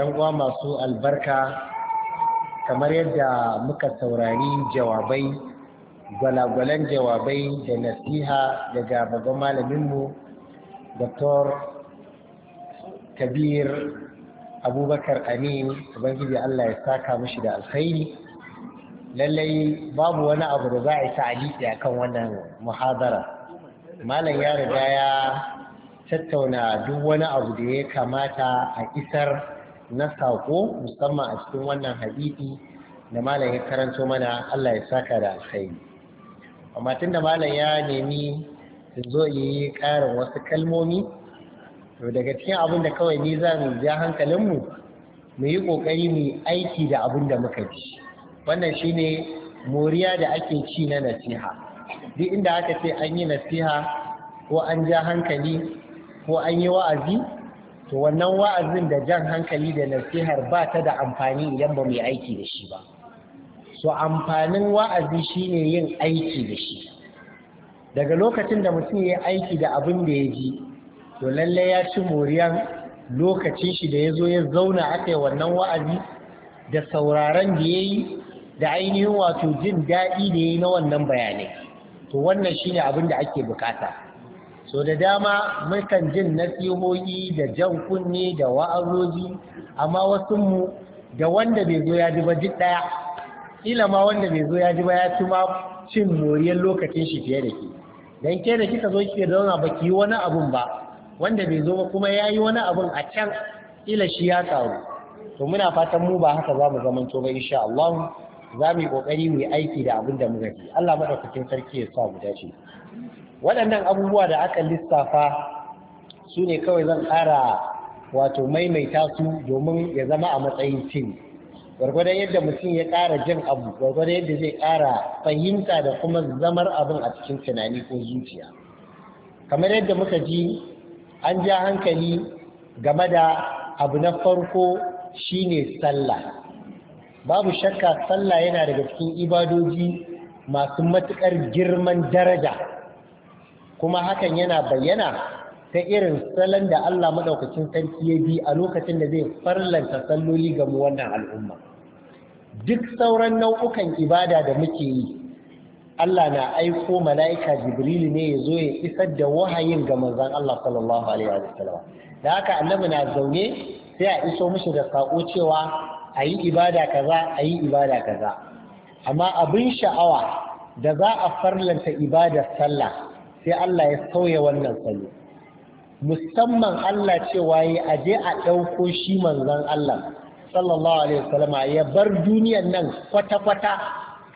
'yan uwa masu albarka kamar yadda muka saurari jawabai gwalagwalan jawabai da nasiha daga babban malaminmu dr kabir abubakar amin ubangiji allah ya saka mushi da alkhairi lallai babu wani abu da za a yi ta'aliki a kan wannan muhadara malam ya riga ya tattauna duk wani abu da ya kamata a isar na saƙo musamman a cikin wannan hadisi da malam ya karanto mana Allah ya saka da alkhairi amma tun da malam ya nemi in zo yi ƙarin wasu kalmomi to daga cikin abin da kawai ni zan ja hankalinmu mu yi ƙoƙari mu aiki da abin da muka ji wannan shine moriya da ake ci na nasiha duk inda aka ce an yi nasiha ko an ja hankali ko an yi wa'azi to wannan wa'azin da jan hankali da nasihar ba ta da amfani idan ba mu yi aiki da shi ba so amfanin wa'azi shine yin aiki da shi daga lokacin da mutum ya aiki da abin da ya ji to lallai ya ci moriyan lokacin shi da ya zo ya zauna aka yi wannan wa'azi da sauraron da ya yi da ainihin wato jin daɗi da ya yi na wannan bayanai to wannan shine abin da ake bukata so da dama mukan jin nasihohi da jan kunne da wa'azoji amma wasu da wanda bai zo ya ji ba duk daya ila ma wanda bai zo ya ji ba ya ci ma cin moriyar lokacin shi fiye da ke dan ke da kika zo kike zauna ba ki yi wani abun ba wanda bai zo ba kuma ya yi wani abun a can ila shi ya karu to muna fatan mu ba haka za mu zamanto ba insha Allah za mu yi kokari mu yi aiki da abin da muka ji Allah madaukakin sarki ya sa mu dace waɗannan abubuwa da aka lissafa su ne kawai zan ƙara wato maimaita su domin ya zama a matsayin cin gwargwadon yadda mutum ya ƙara jin abu gwargwadon yadda zai ƙara fahimta da kuma zamar abin a cikin tunani ko zuciya kamar yadda muka ji an ja hankali game da abu na farko shine sallah babu shakka sallah yana daga cikin ibadoji masu matuƙar girman daraja kuma hakan yana bayyana ta irin salon da Allah maɗaukacin sarki ya bi a lokacin da zai farlanta salloli ga mu wannan al'umma duk sauran nau'ukan ibada da muke yi Allah na aiko mala'ika Jibril ne ya zo ya isar da wahayin ga manzon Allah sallallahu alaihi wasallam da haka annabi na zaune sai a iso mishi da sako cewa ayi ibada kaza ayi ibada kaza amma abin sha'awa da za a farlanta ibadar sallah sai Allah ya sauya wannan salo musamman Allah cewa ya a je a ɗauko shi manzon Allah sallallahu alaihi wasallam ya bar duniyar nan kwata-kwata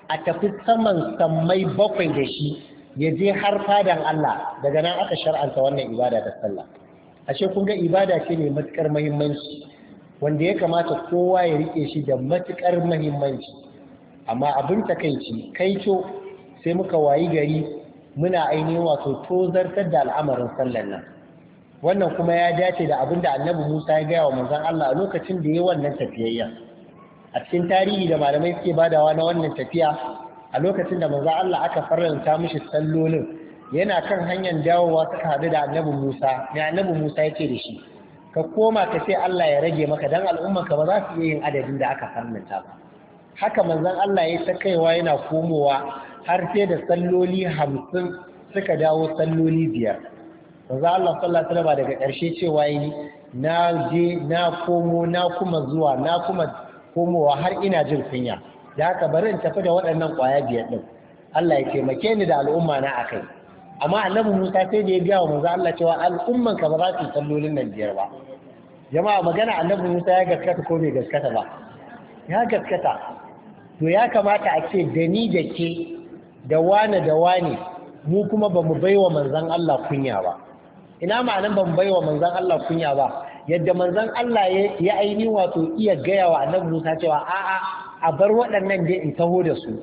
a tafi saman sammai bakwai da shi ya je har fadan Allah daga nan aka shar'anta wannan ibada da sallah ashe kun ga ibada ce ne matukar muhimmanci wanda ya kamata kowa ya rike shi da matukar muhimmanci amma abin takaici kaito sai muka wayi gari muna ainihin wato tozartar da al'amarin sallar nan wannan kuma ya dace da abin da annabi Musa ya gaya wa manzon Allah a lokacin da ya wannan tafiyayya a cikin tarihi da malamai suke badawa na wannan tafiya a lokacin da manzon Allah aka faranta mishi sallolin yana kan hanyar dawowa suka haɗu da annabi Musa ne annabi Musa ya ce da shi ka koma ka ce Allah ya rage maka dan al'umma ka ba za su iya yin adadin da aka faranta ba haka manzon Allah ya ta kaiwa yana komowa har sai da salloli hamsin suka dawo salloli biyar za Allah sallallahu alaihi daga ƙarshe cewa yi na je na komo na kuma zuwa na kuma komowa har ina jin kunya da haka bari in tafi da waɗannan ƙwaya biyar ɗin Allah ya taimake ni da al'umma na akai amma annabi Musa sai da ya ga wa manzo Allah cewa al'umman ka ba za su sallolin nan biyar ba jama'a magana annabi Musa ya gaskata ko bai gaskata ba ya gaskata to ya kamata a ce da ni da ke da wane da wane mu kuma ba mu baiwa manzan Allah kunya ba ina ma'anan ba mu baiwa manzan Allah kunya ba yadda manzan Allah ya aini wato iya gaya wa annabi Musa cewa a'a a bar waɗannan da in taho da su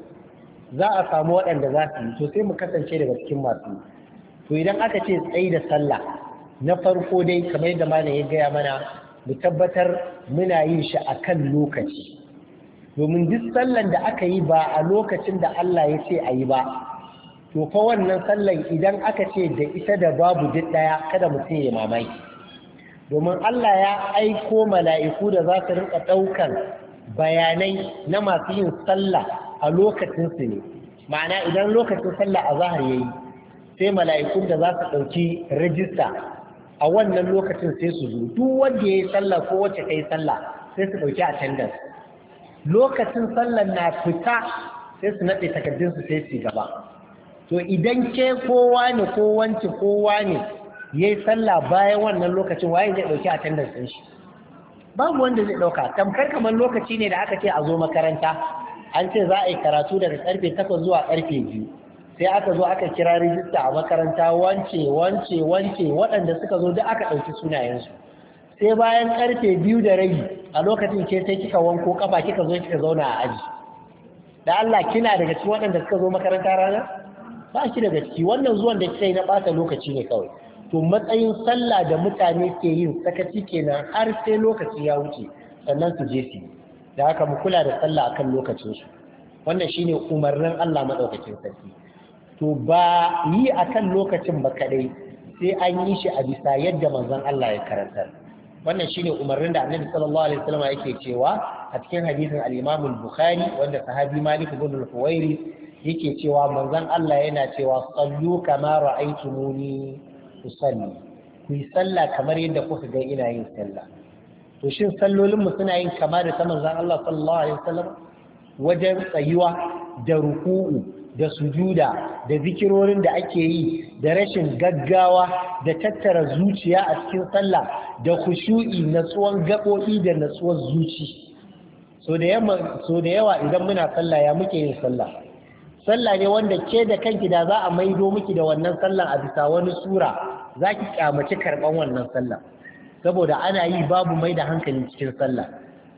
za a samu waɗanda za su yi to sai mu kasance daga cikin masu to idan aka ce tsayi da sallah na farko dai kamar yadda malam ya gaya mana mu tabbatar muna yin shi akan lokaci domin duk sallan da aka yi ba a lokacin da Allah ya ce a yi ba to fa wannan sallan idan aka ce da ita da babu duk daya kada mutum ya mamaki domin Allah ya aiko mala'iku da za su rinka ɗaukan bayanai na masu yin sallah a lokacin ne ma'ana idan lokacin sallah a zahar yayi sai mala'ikun da za su ɗauki rajista a wannan lokacin sai su zo duk wanda ya yi sallah ko wacce ta yi sallah sai su ɗauki attendance lokacin sallar na fita sai su naɗe takardunsu sai su gaba to idan ke kowa ne ko wanci kowa ne ya yi sallah bayan wannan lokacin waye zai ɗauki attendance ɗin shi babu wanda zai ɗauka tamkar kamar lokaci ne da aka ce a zo makaranta an ce za a yi karatu daga karfe takwas zuwa karfe biyu sai aka zo aka kira rijista a makaranta wance wance wance waɗanda suka zo duk aka ɗauki sunayensu sai bayan karfe biyu da rabi a lokacin ce sai kika wanko kafa kika zo kika zauna a aji da Allah kina daga cikin waɗanda suka zo makaranta rana ba shi daga ciki wannan zuwan da kika yi na ɓata lokaci ne kawai to matsayin sallah da mutane ke yin sakaci kenan har sai lokaci ya wuce sannan su je su da haka mu kula da sallah akan lokacin su wannan shine umarnin Allah madaukakin sarki to ba yi akan lokacin ba kadai sai an yi shi a bisa yadda manzon Allah ya karantar wannan shine umarnin da annabi sallallahu alaihi wasallam yake cewa a cikin hadisin al-imam al-bukhari wanda sahabi malik ibn al-huwairi yake cewa manzon Allah yana cewa sallu kama ra'aytumuni usalli ku yi sallah kamar yadda kuka ga ina yin sallah to shin sallolin mu suna yin kama da ta manzon Allah sallallahu alaihi wasallam wajen tsayuwa da ruku'u da sujuda da zikirorin da ake yi da rashin gaggawa da tattara zuciya a cikin sallah da kushu'i natsuwan gaɓoɓi da natsuwar zuci so da yawa idan muna sallah ya muke yin sallah sallah ne wanda ke da kanki da za a maido miki da wannan sallah a bisa wani sura za ki kyamaci karɓan wannan sallah saboda ana yi babu mai da hankali cikin sallah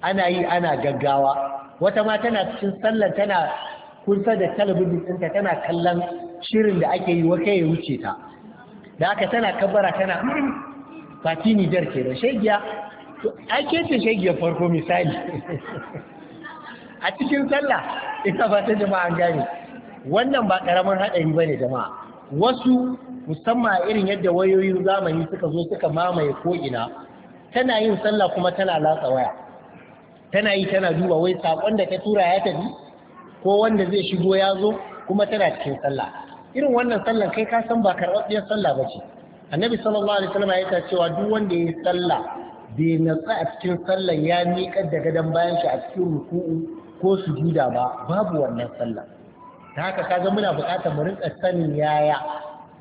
ana yi ana gaggawa wata ma tana cikin sallah tana kusa da talabijin ɗinta tana kallon shirin da ake yi wata ya wuce ta da aka tana kabbara tana fati nijar ke da shagiya ake ce shagiya farko misali a cikin sallah ita ba ta jama'a gane wannan ba ƙaramin haɗari ba ne jama'a wasu musamman irin yadda wayoyin zamani suka zo suka mamaye ko'ina tana yin sallah kuma tana latsa waya tana yi tana duba wai saƙon da ta tura ya tafi ko wanda zai shigo ya zo kuma tana cikin sallah irin wannan sallan kai ka san ba karɓaɓɓiyar sallah ba ce annabi sallallahu alaihi wasallam ya cewa duk wanda ya yi sallah bai natsa a cikin sallan ya miƙar da gadon bayan shi a cikin ruku'u ko sujuda ba babu wannan sallah ta haka kaga muna buƙatar mu rinka sanin yaya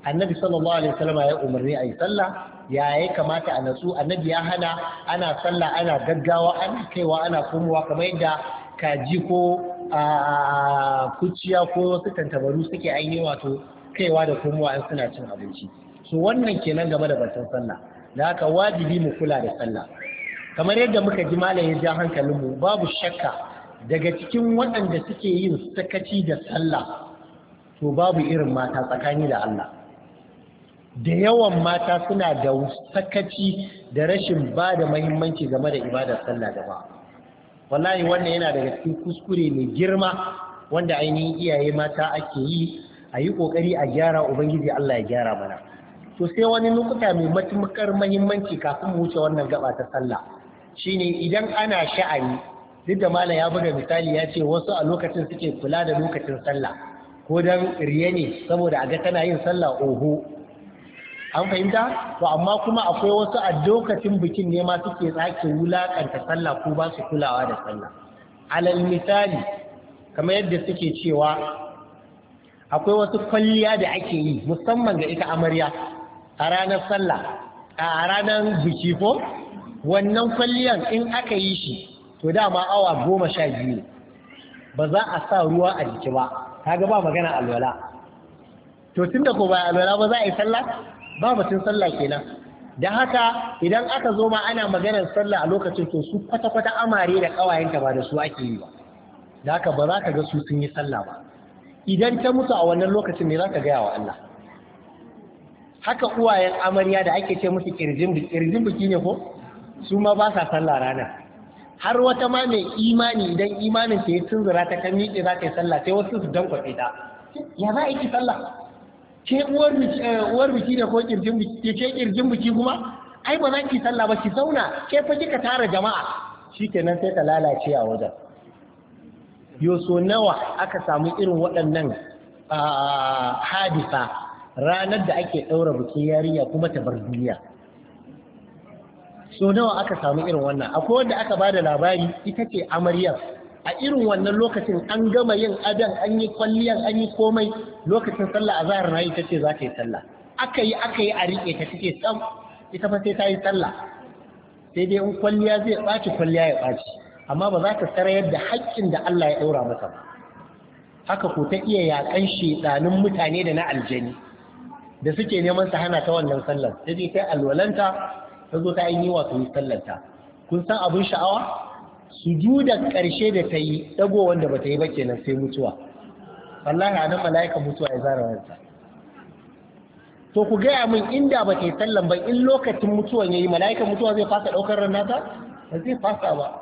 annabi sallallahu alaihi wasallam ya umarni a yi sallah ya ya kamata a natsu annabi ya hana ana sallah ana gaggawa ana kaiwa ana komowa kamar yadda kaji ko a kuciya ko wasu tantabaru suke ainihin wato kaiwa da komowa in suna cin abinci so wannan kenan game da batun sallah da haka wajibi mu kula da sallah kamar yadda muka ji malam ya ja hankalinmu babu shakka daga cikin waɗanda suke yin sakaci da sallah to babu irin mata tsakani da Allah da yawan mata suna da sakaci da rashin ba da mahimmanci game da ibadar sallah da ba. wallahi wannan yana daga cikin kuskure mai girma wanda ainihin iyaye mata ake yi a yi kokari a gyara ubangiji Allah ya gyara mana to sai wani lokuta mai matukar mahimmanci kafin mu wuce wannan gaba ta sallah shine idan ana sha'ani duk da malam ya buga misali ya ce wasu a lokacin suke kula da lokacin sallah ko dan riya ne saboda a ga tana yin sallah oho an fahimta to amma kuma akwai wasu a lokacin bikin ne ma suke tsake wulakanta sallah ko ba su kulawa da sallah alal misali kamar yadda suke cewa akwai wasu kwalliya da ake yi musamman ga ita amarya a ranar sallah a ranar biki ko wannan kwalliyan in aka yi shi to dama awa goma sha biyu ba za a sa ruwa a jiki ba kaga ba magana alwala to tun da ko ba alwala ba za a yi sallah ba batun sallah kenan da haka idan aka zo ma ana maganar sallah a lokacin to su kwata-kwata amare da kawayenta ba da su ake yi ba da haka ba za ka ga su sun yi sallah ba idan ta mutu a wannan lokacin ne za ka gaya wa Allah haka uwayen amarya da ake ce musu kirjin kirjin biki ne ko su ma ba sa sallah ranar har wata ma mai imani idan imanin ta ya tunzura ta kan miƙe za ta yi sallah sai wasu su dan kwafe ta ya za a yi sallah ke uwar biki da eh, ko kirjin biki ke kirjin biki kuma ai ba za ki sallah ba ki zauna ke fa kika tara jama'a shikenan sai ta lalace a wajen yoso nawa aka samu irin waɗannan hadisa ranar da ake ɗaura bikin yariya kuma ta bar duniya so nawa aka samu irin wannan akwai wanda aka ba da labari ita ce amaryar a irin wannan lokacin an gama yin adon an yi kwalliyan an yi komai lokacin sallah a na yi ta ce za ta yi sallah aka yi aka yi a riƙe ta take tsam ita fa sai ta yi sallah sai dai in kwalliya zai ɓaci kwalliya ya ɓaci amma ba za ta sarayar da haƙƙin da Allah ya ɗaura masa ba haka ko ta iya yaƙan shedanin mutane da na aljani da suke neman su hana ta wannan sallar sai dai ta alwalanta ta zo ta yi wato yi sallanta kun san abin sha'awa sujudar ƙarshe da ta yi ɗago wanda ba ta yi ba kenan sai mutuwa wallahi a nan mala'ika mutuwa ya zara wanta to ku gaya min inda ba ta yi sallan ba in lokacin mutuwan ya yi mala'ikan mutuwa zai fasa ɗaukar ran nata ba zai fasa ba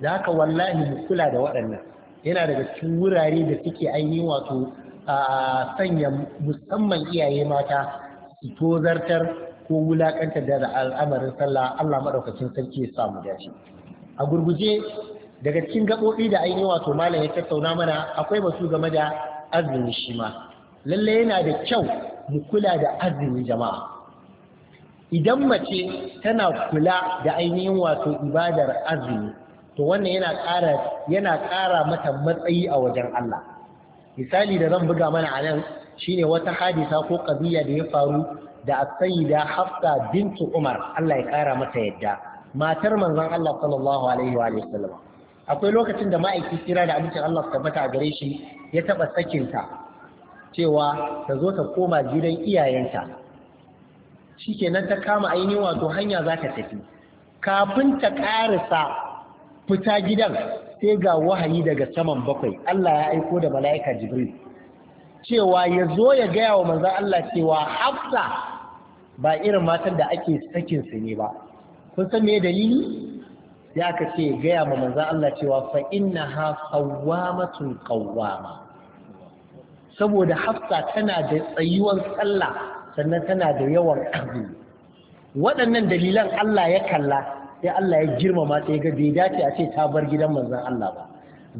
da haka wallahi mu kula da waɗannan yana daga cikin wurare da suke ainihin wato a sanya musamman iyaye mata su tozartar ko wulakantar da al'amarin sallah Allah maɗaukacin sarki ya samu dace. a gurguje daga cikin gaɓoɓi da ainihin wato malam ya tattauna mana akwai masu game da azumi shi ma lalle yana da kyau mu kula da azumi jama'a idan mace tana kula da ainihin wato ibadar azumi to wannan yana ƙara yana ƙara mata matsayi a wajen Allah misali da zan buga mana a nan shine wata hadisa ko ƙabiya da ya faru da asayida hafsa bintu umar Allah ya ƙara mata yadda matar manzon Allah sallallahu alaihi wa sallam akwai lokacin da ma'aiki kira da abincin Allah ta tabbata gare shi ya taba sakin ta cewa ta zo ta koma gidan iyayenta shikenan ta kama ainihin wato hanya za ta tafi kafin ta karisa fita gidan sai ga wahayi daga saman bakwai Allah ya aiko da mala'ika Jibril cewa ya zo ya gaya wa manzon Allah cewa Hafsa ba irin matan da ake sakin su ne ba kun san me dalili ya ka ce gaya ma manzan Allah cewa fa inna ha qawwamatun qawwama saboda hafsa tana da tsayuwar sallah sannan tana da yawan azumi waɗannan dalilan Allah ya kalla sai Allah ya girmama ta ga bai dace a ce ta bar gidan manzan Allah ba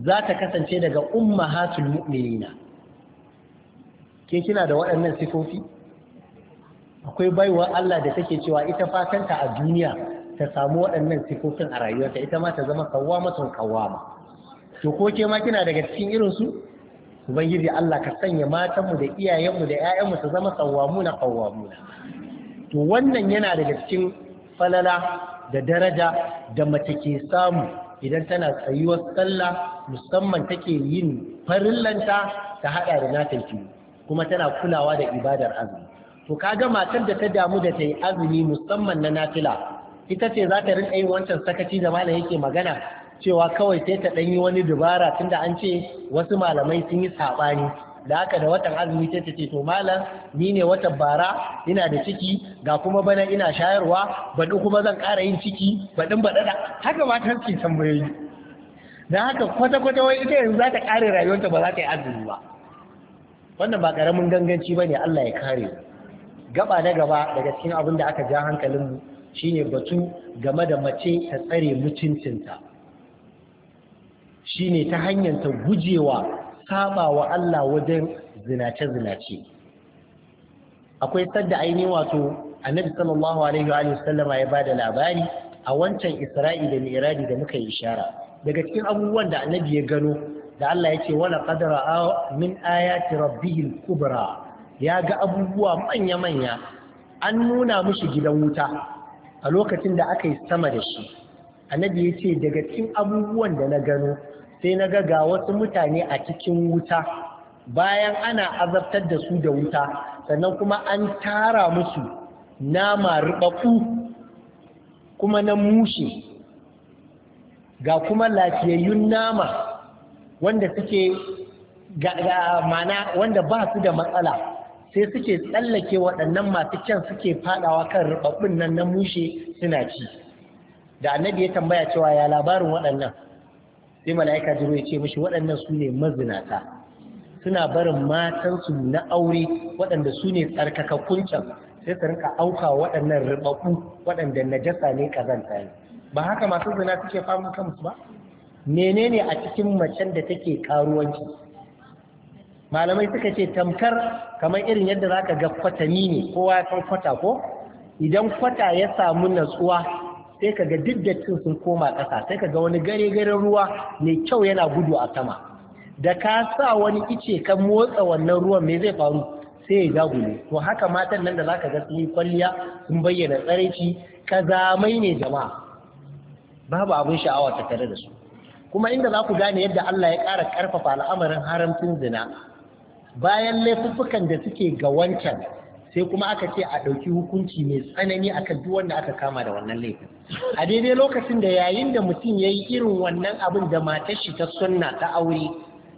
za ta kasance daga ummahatul mu'minina ke kina da waɗannan sifofi akwai baiwa Allah da take cewa ita fatanta a duniya ta samu waɗannan sifofin a rayuwarta ita ma ta zama kawwamatun kawwama to ko ke ma kina daga cikin irin su ubangiji Allah ka sanya matanmu da iyayenmu da ƴaƴanmu su zama kawwamuna kawwamuna to wannan yana daga cikin falala da daraja da mace ke samu idan tana tsayuwar sallah musamman take yin farin lanta ta haɗa da nata kuma tana kulawa da ibadar azumi to kaga matar da ta damu da ta yi azumi musamman na nafila ita ce za ta rinka yin wancan sakaci da malam yake magana cewa kawai sai ta ɗanyi wani dubara tunda an ce wasu malamai sun yi saɓani da haka da watan azumi sai ta ce to malam ni ne watan bara ina da ciki ga kuma bana ina shayarwa baɗi kuma zan ƙara yin ciki baɗin baɗaɗa haka ta ke tambayoyi da haka kwata-kwata wai ita yanzu za ta ƙare rayuwarta ba za ta yi azumi ba wannan ba ƙaramin ganganci ba ne Allah ya kare gaba na gaba daga cikin abin da aka ja hankalinmu. shine batu game da mace ta tsare mutuncinta shine ta hanyar ta gujewa saba wa Allah wajen zinace-zinace akwai sadda aini wato annabi sallallahu alaihi wa sallama ya bada labari a wancan isra'i da mi'raji da muka yi ishara daga cikin abubuwan da annabi ya gano da Allah ya ce wala qadara min ayati rabbihil kubra ya ga abubuwa manya-manya an nuna mushi gidan wuta a lokacin da aka yi sama da shi annabi ya ce daga cikin abubuwan da na gano sai na ga ga wasu mutane a cikin wuta bayan ana azabtar da su da wuta sannan kuma an tara musu nama rubaku kuma na mushe ga kuma lafiyayyun nama wanda suke ga mana wanda ba su da matsala sai suke tsallake waɗannan masu can suke faɗawa kan rubabbin nan na mushe suna ci da annabi ya tambaya cewa ya labarin waɗannan sai mala'ika jiro ya ce mishi waɗannan su ne mazinata suna barin matansu na aure waɗanda su ne tsarkakakkun can sai su rinka auka waɗannan rubabbu waɗanda najasa ne kazanta ne ba haka masu zina suke fama kansu ba menene a cikin macen da take karuwanci malamai suka ce tamkar kamar irin yadda za ka ga kwatami ne kowa ya san kwata ko idan kwata ya samu natsuwa sai ka ga duk dattin sun koma ƙasa sai ka ga wani gare garen ruwa mai kyau yana gudu a sama da ka sa wani ice ka motsa wannan ruwan me zai faru sai ya gudu. to haka matan nan da za ka ga sun yi kwalliya sun bayyana tsaraici kazamai ne jama'a babu abin sha'awa ta tare da su kuma inda za ku gane yadda Allah ya ƙara ƙarfafa al'amarin haramcin zina bayan laifuffukan da suke ga wancan sai kuma aka ce a ɗauki hukunci mai tsanani akan duk wanda aka kama da wannan laifin a daidai lokacin da yayin da mutum ya yi irin wannan abin da matar shi ta sunna ta aure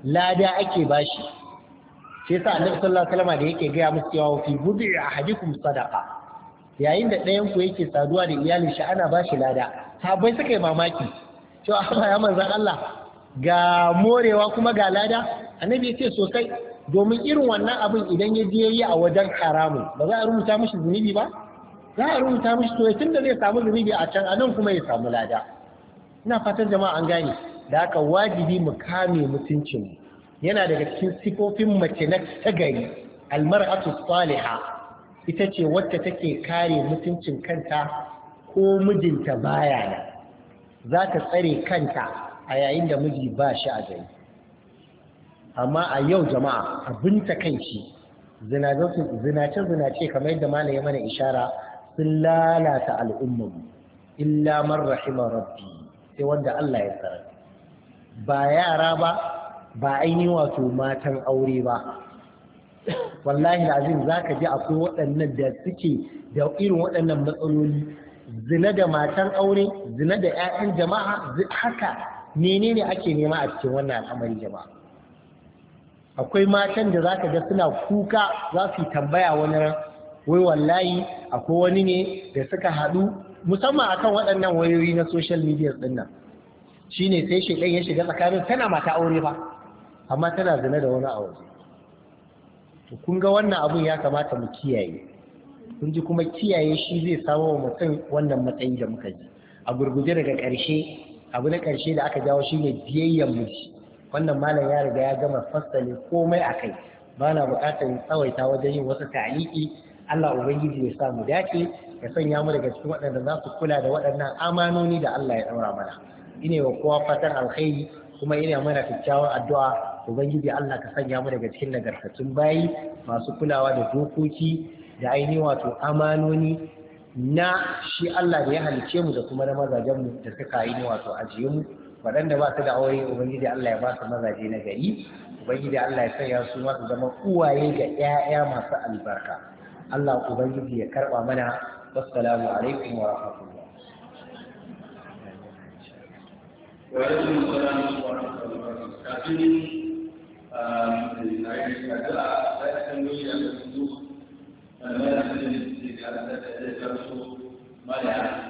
lada ake bashi sai sa annabi sallallahu alaihi wasallam da yake gaya musu cewa fi bud'i ahadikum sadaqa yayin da ɗayan ku yake saduwa da iyalin shi ana bashi lada sabai suka yi mamaki cewa ya manzan Allah ga morewa kuma ga lada annabi ya ce sosai domin irin wannan abin idan ya je yi a wajen haramun ba za a rubuta mashi zunubi ba za a rubuta mashi to tun da zai samu zunubi a can a nan kuma ya samu lada ina fatan jama'a an gane da haka wajibi mu kame mutuncin yana daga cikin sifofin mace na tagari almar'atu salihah ita ce wacce take kare mutuncin kanta ko mijinta baya nan za ta tsare kanta a yayin da miji ba shi a gari amma a yau jama'a abin shi, zinace-zinace kamar yadda mana ya mana ishara sun lalata al'ummar illa man rahimar rabbi sai wanda Allah ya tsara ba yara ba ba aini wato matan aure ba wallahi azim za ka ji akwai waɗannan da suke da irin waɗannan matsaloli zina da matan aure zina da 'ya'yan jama'a haka menene ake nema a cikin wannan al'amari jama'a akwai matan da za ka ga suna kuka za su tambaya wani wai wallahi akwai wani ne da suka haɗu musamman akan waɗannan wayoyi na social media ɗin nan ne sai shekan ya shiga tsakanin tana mata aure ba amma tana zina da wani a waje kun ga wannan abun ya kamata mu kiyaye kun ji kuma kiyaye shi zai samo wa mutum wannan matsayi da muka ji a gurguje daga ƙarshe abu na ƙarshe da aka jawo shi ne biyayyen miji wannan malam ya riga ya gama fassale komai a kai ba na buƙatar tsawaita wajen yin wasu ta'aliki Allah ubangiji ya sa mu dace ya sanya mu daga cikin waɗanda za su kula da waɗannan amanoni da Allah ya ɗaura mana ine wa kowa fatan alkhairi kuma ina mana kyakkyawan addu'a ubangiji Allah ka sanya mu daga cikin nagartattun bayi masu kulawa da dokoki da ainihin wato amanoni na shi Allah da ya halice mu da kuma na mazajen mu da suka yi wato ajiye mu waɗanda ba su da aure ubangiji Allah ya ba su mazaje na gari ubangiji Allah ya sanya su ma su zama uwaye ga 'ya'ya masu albarka Allah ubangiji ya karɓa mana wassalamu alaikum wa rahmatullah wa alaikum assalam wa rahmatullah kafin a yi da da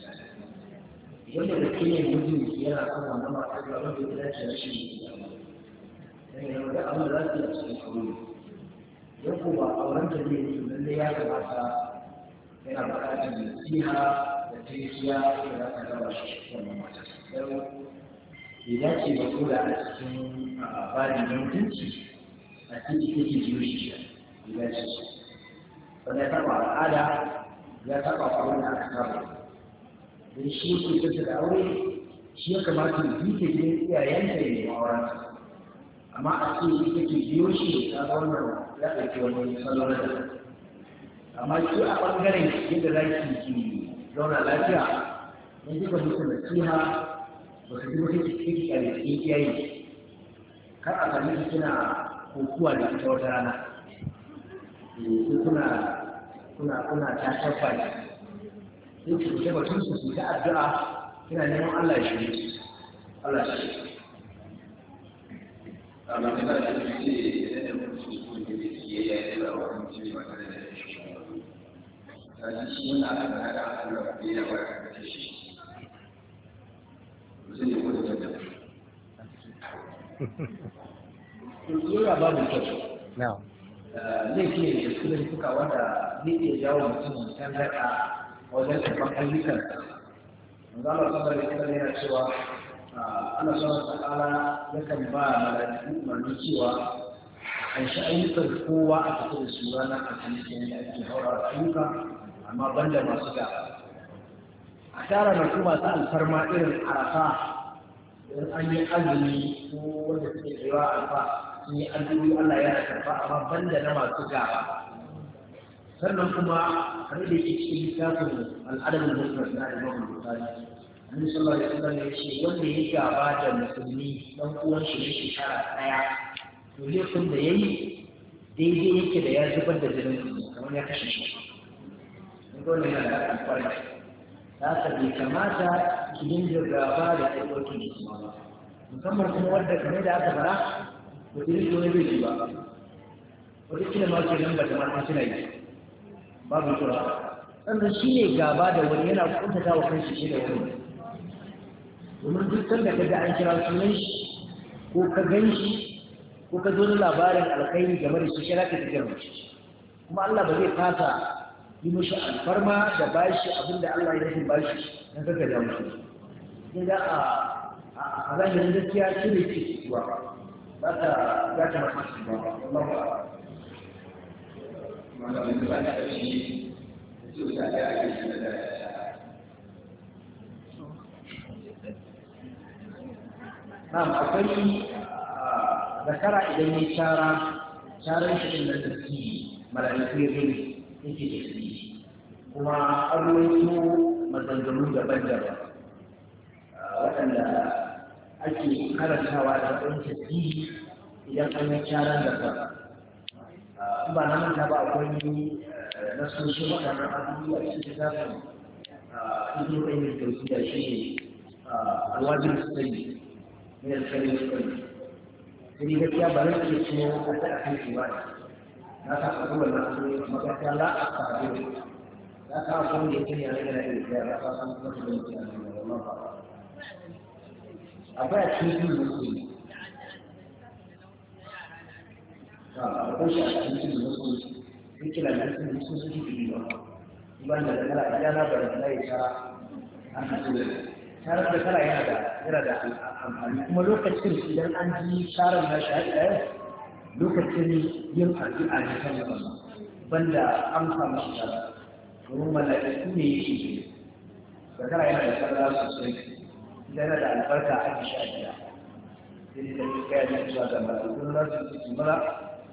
yadda da ke yin gudun yana kan wannan masu gaba da ya dace da shi ne yana da abin da za su yi a cikin aure ya ko ba a wurin da ne yi lalle ya gabata yana buƙatar nasiha da tafiya da za ta gaba shi wannan matar don bai dace ba ko a cikin babin mutunci a cikin take jiyo shi bai dace wanda ya taɓa al'ada ya taɓa faruwa da aka taɓa da shi ke kusa da aure shi ya kamata ya duka gidan iyayenta ne ma wa amma a ce ita take biyo shi da wannan ya ɗauki wani salon da amma shi a ɓangaren yadda za ki ki zauna lafiya ne duka musu nasiha ba su duka ki ki kare ki iyaye kar a sami kina kokuwa da ita wata rana eh, kuna kuna kuna ta tabbata yake da batun su su ta addu'a ina neman Allah ya shirye Allah ya amma kana da shi ne da mutum ne da shi ya yi da ba da shi ba ta shi yana da Allah ya yi wa ka shi zai yi wani eh, da Kultura babu kyau. ke da suka wanda zai jawo mutum daga wajen karɓar ayyukan manzan Allah sallallahu alaihi wasallam yana cewa ah, ana son ta'ala yakan ba mala'iku umarni cewa an sha ayyukan kowa a cikin da su rana a cikin da ake haura ayyuka amma banda masu da a tara na kuma ta ma irin arafa idan an yi azumi ko wanda suke tsayawa alfa sun yi azumi Allah ya karfa amma banda na masu gaba sannan kuma kamar da yake cikin littafin al'adar da suka na imam bukari annabi sallallahu alaihi wasallam ya ce wanda ya gaba da musulmi dan uwan shi ne shekara daya to laifin da yayi daidai yake da ya zubar da jinin kamar ya kashe shi in dole yana da alfarma da haka bai kamata ki yin gaba da aiwatin musulma ba musamman kuma wadda kamar da aka fara ba ta yi ji ba wata kila ma ke nan ba ta marmar suna yi babu tura sannan shi ne gaba da wani yana kuntata wa kanshi shi da wani domin duk sanda ka ga an kira sunan shi ko ka gan shi ko ka zo da labarin alkhairi game da shi kira ka tafiya shi kuma Allah ba zai fasa yi mashi alfarma da bashi abinda Allah ya yi bashi don kaka da sai da a zahirin gaskiya shi ne ke kuwa ba ta za ta masu ba Na'am akwai zakara ah, idan ya tara tarin shi din da tafi malaiku yake da shi kuma arwayo maganganu daban-daban ah, waɗanda ake karantawa da ɗan tafi idan an yi taron da ba na manta ba akwai eh, na sosu waɗannan abubuwa a cikin zafin ibn qayyim da shi ne eh, alwajib sani ne alkalin sani sai gaskiya ba zan iya cimo a ta akan ibada na ta faɗi wannan abubuwa makarta la a faɗi za ka haɗa da ya a rage na iya ya ba san kuma su da mutum a duniya wallah ba akwai a cikin musulmi akwai a da da ba ban da kala yana da ya da amfani kuma lokacin idan an ji tarar na shi lokacin yin banda amsa tara domin mala'iku ne da yana da sarara sosai yana da albarka a sai da yi kayan zuwa da mala'iku na su